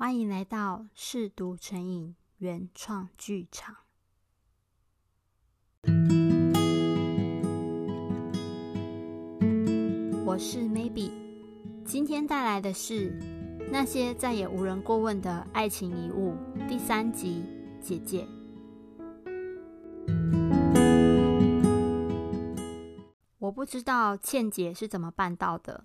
歡迎來到《試讀成癮》原創劇場，我是 Maybe，今天帶來的是《那些再也無人過問的愛情遺物》第三集《姐姐》。我不知道倩姐是怎麼辦到的。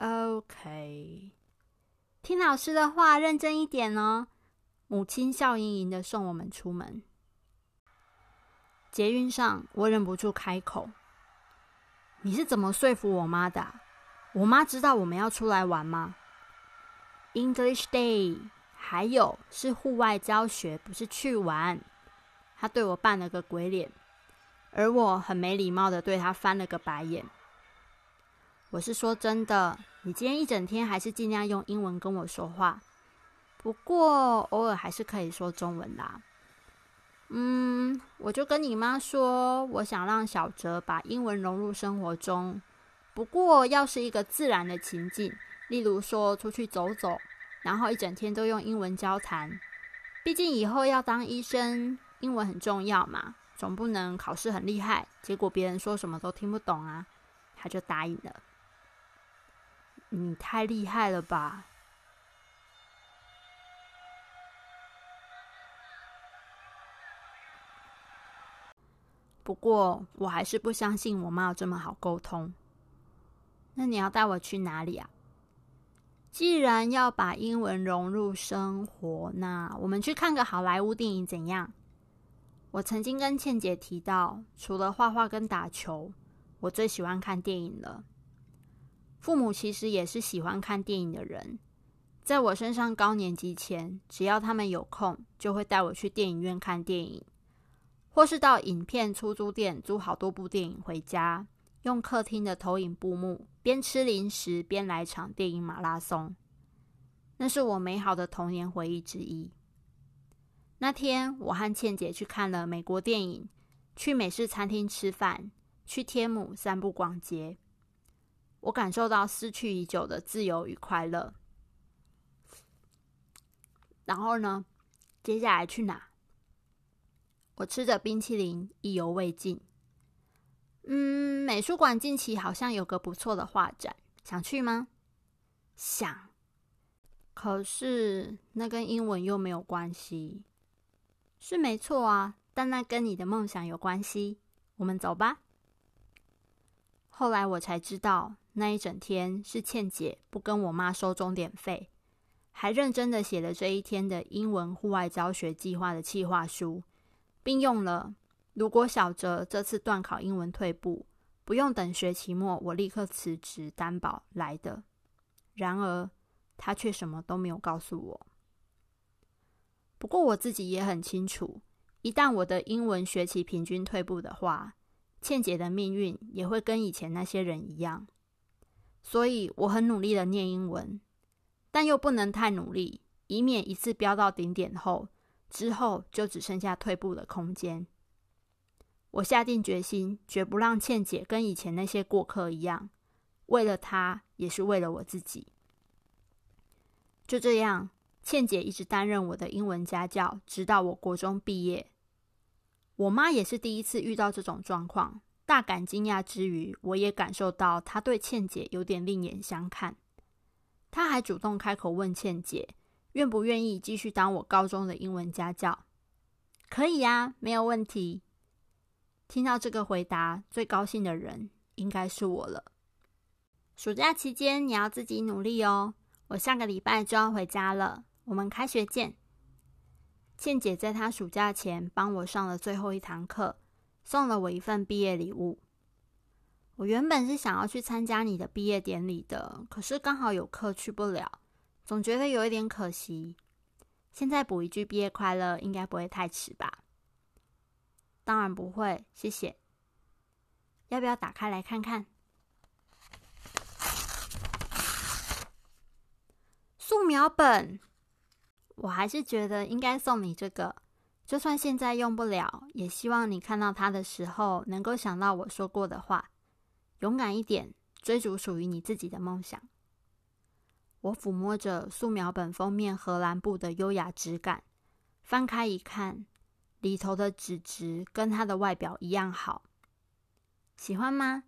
OK，聽老師的話，認真一點哦。母親笑盈盈地送我們出門。捷運上，我忍不住開口：“你是怎麼說服我媽的啊？我媽知道我們要出來玩嗎？”English Day，還有是戶外教學，不是去玩。他對我扮了個鬼臉，而我很沒禮貌地對他翻了個白眼。我是說真的，你今天一整天還是盡量用英文跟我說話，不過偶爾還是可以說中文啦。嗯，我就跟你媽說，我想讓小哲把英文融入生活中，不過要是一個自然的情境，例如說出去走走，然後一整天都用英文交談。畢竟以後要當醫生，英文很重要嘛，總不能考試很厲害，結果別人說什麼都聽不懂啊。她就答應了。你太厲害了吧！不過我還是不相信我媽有這麼好溝通。那你要帶我去哪裡啊？既然要把英文融入生活，那我們去看個好萊塢電影怎樣？我曾經跟倩姐提到，除了畫畫跟打球，我最喜歡看電影了。父母其實也是喜歡看電影的人。在我升上高年級前，只要他們有空，就會帶我去電影院看電影，或是到影片出租店租好多部電影回家，用客廳的投影布幕，邊吃零食邊來場電影馬拉松。那是我美好的童年回憶之一。那天，我和倩姐去看了美國電影，去美式餐廳吃飯，去天母散步逛街。我感受到失去已久的自由與快樂。然後呢？接下來去哪？我吃着冰淇淋，意猶未盡。嗯，美術館近期好像有個不錯的畫展，想去嗎？想。可是那跟英文又沒有關係。是沒錯啊，但那跟你的夢想有關係。我們走吧。後來我才知道。那一整天是倩姐不跟我媽收鐘點費，還認真的寫了這一天的英文戶外教學計劃的企劃書，並用了“如果小哲這次段考英文退步，不用等學期末，我立刻辭職擔保”來的。然而，他卻什麼都沒有告訴我。不過，我自己也很清楚，一旦我的英文學期平均退步的話，倩姐的命運也會跟以前那些人一樣。所以我很努力的念英文，但又不能太努力，以免一次飆到頂點後，之後就只剩下退步的空間。我下定決心，絕不讓倩姐跟以前那些過客一樣，為了她，也是為了我自己。就這樣，倩姐一直擔任我的英文家教，直到我國中畢業。我媽也是第一次遇到這種狀況。大感驚訝之餘，我也感受到他對倩姐有點另眼相看，他還主動開口問倩姐願不願意繼續當我高中的英文家教。可以呀、啊，沒有問題。聽到這個回答，最高興的人應該是我了。暑假期間你要自己努力哦。我下個禮拜就要回家了，我們開學見。倩姐在她暑假前幫我上了最後一堂課。送了我一份畢業禮物，我原本是想要去參加你的畢業典禮的，可是剛好有課去不了，總覺得有一點可惜。現在補一句畢業快樂應該不會太遲吧？當然不會，謝謝。要不要打開來看看？素描本，我還是覺得應該送你這個。就算現在用不了，也希望你看到它的時候，能夠想到我說過的話，勇敢一點，追逐屬於你自己的夢想。我撫摸着素描本封面荷蘭布的優雅質感，翻開一看，裡頭的紙質跟它的外表一樣好。喜歡嗎？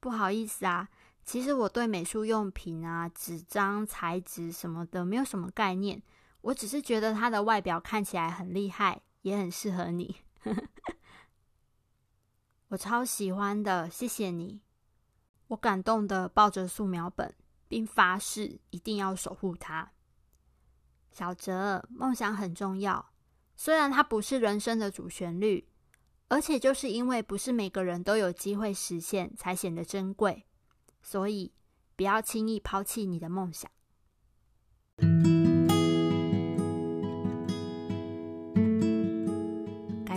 不好意思啊，其實我對美術用品啊、紙張材質什麼的沒有什麼概念。我只是覺得他的外表看起來很厲害，也很適合你。 我超喜歡的，謝謝你。我感動的抱着素描本，並發誓一定要守護他。小哲，夢想很重要，雖然它不是人生的主旋律，而且就是因為不是每個人都有機會實現，才顯得珍貴。所以，不要輕易拋棄你的夢想。嗯。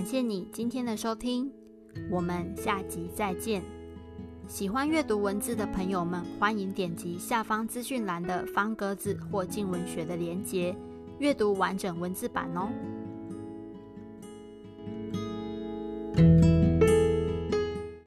謝謝你今天的收聽，我們下集再見。喜歡閱讀文字的朋友們，歡迎點擊下方資訊欄的方格子或鏡文學的鏈接，閱讀完整文字版哦。